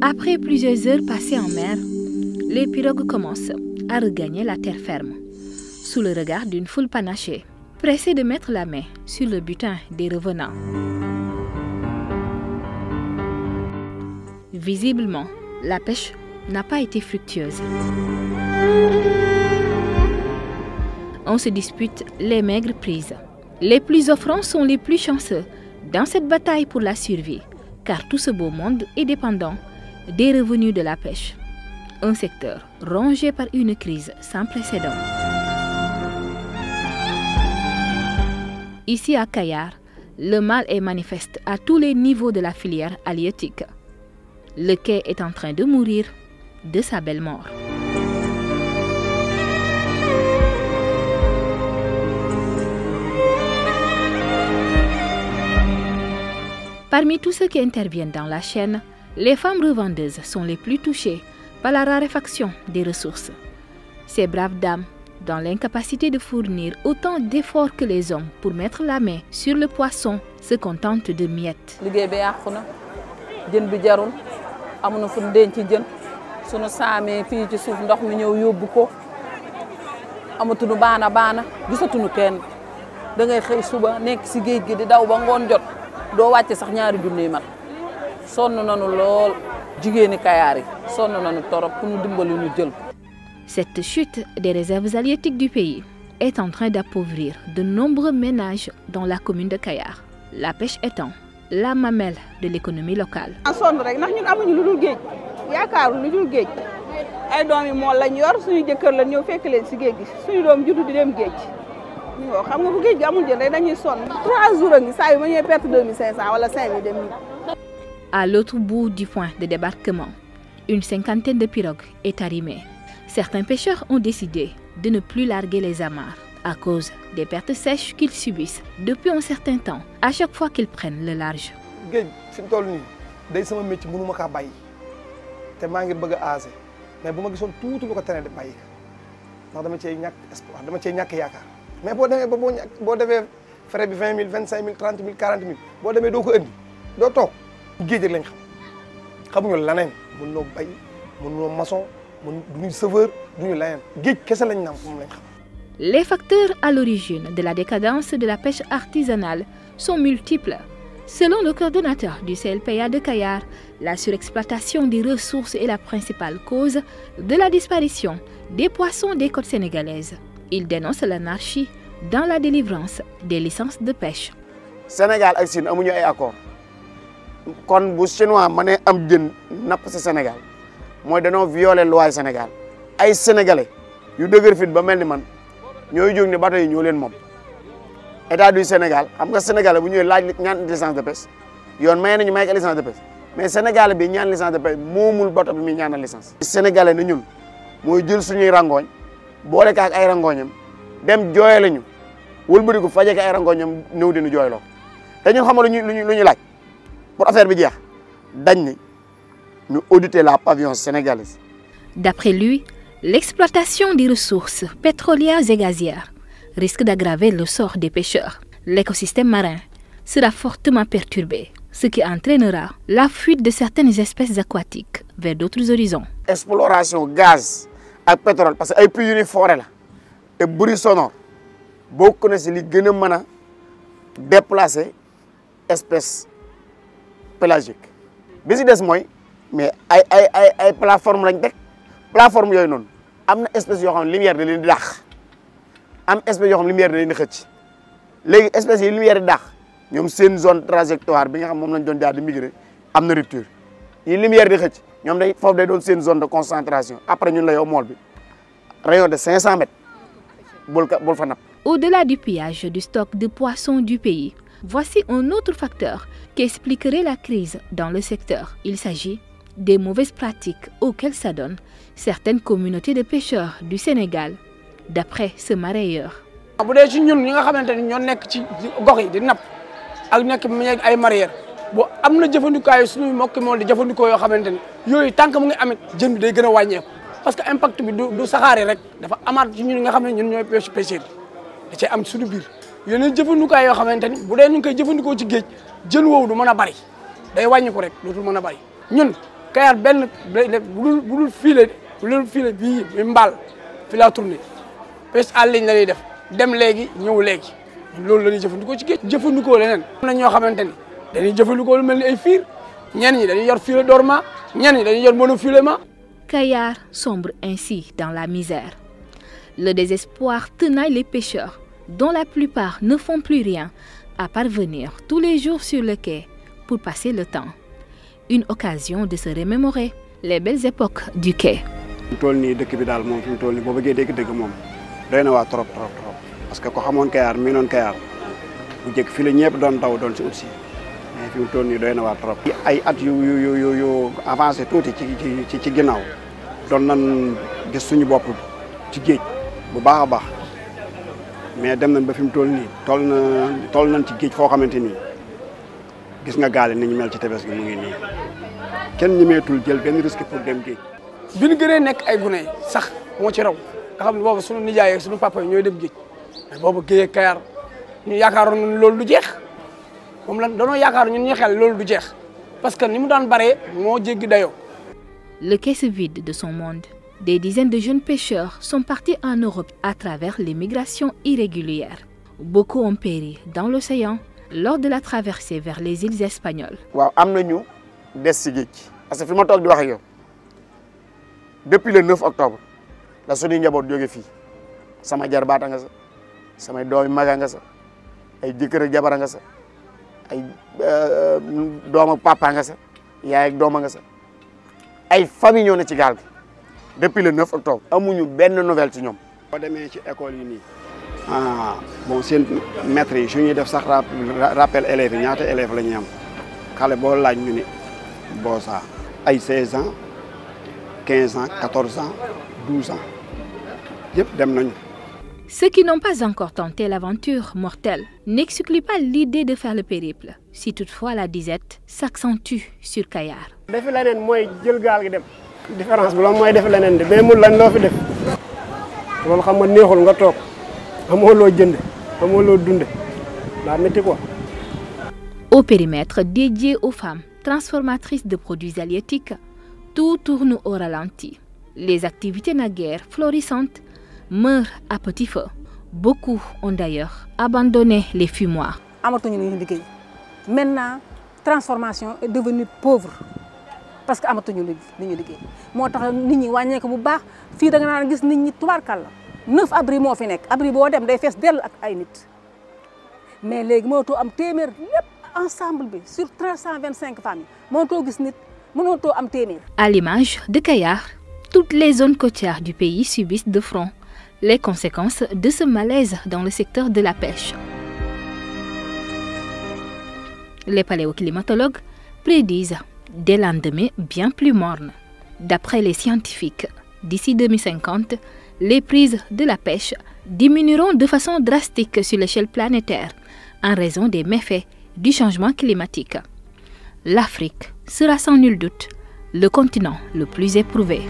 Après plusieurs heures passées en mer, les pirogues commencent à regagner la terre ferme, sous le regard d'une foule panachée, pressée de mettre la main sur le butin des revenants. Visiblement, la pêche n'a pas été fructueuse. On se dispute les maigres prises. Les plus offrants sont les plus chanceux dans cette bataille pour la survie, car tout ce beau monde est dépendant des revenus de la pêche, un secteur rongé par une crise sans précédent. Ici à Kayar, le mal est manifeste à tous les niveaux de la filière halieutique. Le quai est en train de mourir de sa belle mort. Parmi tous ceux qui interviennent dans la chaîne, Les femmes revendeuses sont les plus touchées par la raréfaction des ressources. Ces braves dames, dans l'incapacité de fournir autant d'efforts que les hommes pour mettre la main sur le poisson, se contentent de miettes. amuñu fu denc jën bi sunu saamee fii ci suuf ndox mi ñëw yóbbu ko amatuñu baana baana gisatuñu kenn da ngay xëy suba nekk si géej gi di daw ba ngoon jot doo wàcce sax ñaari junniy mat sonn nañu lool jigéeni Kayaar yi sonn nañu torop ku ñu dimbali ñu jël ko. Cette chute des réserves halieutiques du pays est en train d'appauvrir de nombreux ménages dans la commune de Kayar. La pêche étant la mamelle de l'économie locale. Ah, sonn rek ndax ñun amuñu lu dul géej yaakaaru lu dul géej ay doom yi moo lañ yor suñu jëkkër la ñëw fekk leen si géej gi suñu doom juddu di dem géej xam nga bu géej gi amul jën rek dañuy sonn. 3 jours a ngi saa yu ma ñëwee perte 2500 wala 5000 dem À l'autre bout du point de débarquement, une cinquantaine de pirogues est arrimée. Certains pêcheurs ont décidé de ne plus larguer les amarres à cause des pertes sèches qu'ils subissent depuis un certain temps à chaque fois qu'ils prennent le large. géej fi mu toll nii day sama métier mënu ma ka bàyyi te maa ngi bëgg a aase mais bu ma gisoon tuuti lu ko teree di bàyyi ndax dama cee ñàkk espoir cee ñàkk yaakaar mais boo demee ba boo boo defee frais bi vingt mille vingt cinq mille trente demee doo ko indi géej rek lañ xam xamuñu laneen mun noo bay mun noo maçon mun duñu chauffeur duñu laneen géej kese Les facteurs à l'origine de la décadence de la pêche artisanale sont multiples. Selon le coordonnateur du CLPA de Kayar, la surexploitation des ressources est la principale cause de la disparition des poissons des côtes sénégalaises. Il dénonce l'anarchie dans la délivrance des licences de pêche. Sénégal ak Chine kon bu chinois mënee am jën napp si senegal mooy danoo violer loi senegal ay sénégalais yu dëgër fit ba mel ni man ñooy jóg ne bato yi ñoo leen moom état du senegal xam nga sénégalais bu ñëwee laaj ñaan licence de pêche yoon may nañu may ak licence de pêche mais sénégalais bi ñaan licence de pêche moomul bato bi muy ñaanal licence. sénégalais na ñun mooy jël suñuy rangooñ boole kaak ay rangooñam dem jooyale ñu wëlbatiku faje ko ay rangooñam ñëw dinu jooyloo te ñun xam nga lu ñuy lu ñuy laaj. pour affaire bi jeex dañ ni la pavillon sénégalaise. D'après lui, l'exploitation des ressources pétrolières et gazières risque d'aggraver le sort des pêcheurs. L'écosystème marin sera fortement perturbé, ce qui entraînera la fuite de certaines espèces aquatiques vers d'autres horizons. Exploration gaz ak pétrole parce que ay puits yu la te bruit sonore bokk na si li gën mën espèce pélagique bi si des mooy mais ay ay ay ay plateforme lañ teg plateforme yooyu noonu am na espèce yoo xam ne lumière da leen di dàq am espèce yoo xam ne lumière da leen di xëcc léegi espèces yi lumière di dàq ñoom seen zone trajectoire bi nga xam moom lañ doon jaar di migrer am na rupture yi lumière di xëcc ñoom day foofu day doon seen zone de concentration après ñun la yow mool bi rayon de 500 mètres bul ka bul fa napp. Au-delà du pillage du stock de poissons du pays. Voici un autre facteur qui expliquerait la crise dans le secteur. Il s'agit des mauvaises pratiques auxquelles s'adonnent certaines communautés de pêcheurs du Sénégal, d'après ce marailleur. Ah, bu dee ci ñun ñi nga xamante ni ñoo nekk ci gox yi di napp ak nekk meeg ay mareyeur boo am na jëfandikaayu suñuy mbokk moom di jëfandikoo yoo xamante ni yooyu tant que mu ngi amit jën bi day gën a wàññeeku parce que impact bi du du saxaare rek dafa amaat ci ñun nga xam ne ñun ñooy pêche pêcheurs yi da am suñu biir. yeneen jëfandikaay yoo xamante ni bu dee ñu koy jëfandikoo ci géej jën woowu du mën a bari day wàññi ko rek dootul mën a bari ñun Kayar benn budul budul fiile budul fiile bii bi mbaal fi laa tourné pêche à ligne la ñuy def dem léegi ñëw léegi loolu la ñuy jëfandikoo ci géej jëfandikoo leneen am na ñoo xamante ni dañuy jëfandikoo lu mel ni ay fiir ñen ñi dañuy yor filet dormant ñen ñi dañuy yor monofilement Kayar sombre ainsi dans la misère le désespoir tenaille les pêcheurs dont la plupart ne font plus rien, à parvenir tous les jours sur le quai pour passer le temps. Une occasion de se remémorer les belles époques du quai. mu toll nii dëkk bi daal moom fi mu toll nii boo bëggee dégg-dëgg moom doy na waa trop trop trop parce que ko xamoon Kayar mi noon Kayar bu njëkk fi la ñëpp doon daw doon si ut si mais fi mu doy na waa trop. ay at yu yu yu yu yu avancé tuuti ci ci ci ginnaaw doon nan gis suñu bopp ci géej bu baax a baax. mais dem nañ ba fi mu toll nii toll na toll nañ ci géej foo xamante ni gis nga gaale ni ñu mel ci tefes gi mu ngi nii kenn ñemeetul jël benn risque pour dem géej. bi ñu gënee nekk ay gune sax moo ci raw nga xam ne boobu sunu nijaay ak sunu papa yi ñooy dem géej mais boobu géej kayaar ñu yaakaaroon loolu du jeex moom lan danoo yaakaar ñun ñu xel loolu du jeex parce que ni mu daan baree moo jéggi dayoo. Le caisse vide de son monde. Des dizaines de jeunes pêcheurs sont partis en Europe à travers les migrations irrégulières. Beaucoup ont péri dans l'océan lors de la traversée vers les îles espagnoles. waaw am nañu des si géej parce que fi ma toog di wax yow depuis le 9 octobre la suñuy njaboot jóge fii sama jarbaata nga sa samay doomi maga nga sa ay jëkkër ak jabara nga sa ay euh, doom nga sa yaay ak dooma nga sa ay famille ñoo ne ci gaal depuis le 9 octobre amuñu benn nouvelle ci ñoom. boo demee ci école yi nii ah bon seen maîtres yi su ñuy def sax rappel élèves yi ñaata élèves la ñuy am xale boo laaj ñu ni boo ay 16 ans 15 ans 14 ans 12 ans yëpp dem nañu. Ceux qui n'ont pas encore tenté l'aventure mortelle n'excluent pas l'idée de faire le périple si toutefois la disette s'accentue sur Kayar. dafi leneen mooy jël gaal dem. différence bi loolu mooy def leneen de bee mu lan loo fi def loolu xam nga neexul nga toog amoo loo jënd amoo loo dunde daa métti quoi. Au périmètre dédié aux femmes transformatrices de produits halieutiques, tout tourne au ralenti. Les activités naguère florissantes meurent à petit feu. Beaucoup ont d'ailleurs abandonné les fumoirs. Maintenant, transformation est devenue pauvre. parce que amatuñu lu ñu liggée moo tax nit ñi wàññeeku bu baax fii da nga gis nit ñi tubaarkàl la neuf abri moo fi nekk abri boo dem day fees dell ak ay nit mais léegi mënatoo am téeméer lépp ensemble bi sur trois cent vingt cinq familles mënatoo gis nit mënatoo am téeméer. à l'image de Kayar toutes les zones côtières du pays subissent de front les conséquences de ce malaise dans le secteur de la pêche. Les paléoclimatologues prédisent des lendemains bien plus mornes. D'après les scientifiques, d'ici 2050, les prises de la pêche diminueront de façon drastique sur l'échelle planétaire en raison des méfaits du changement climatique. L'Afrique sera sans nul doute le continent le plus éprouvé.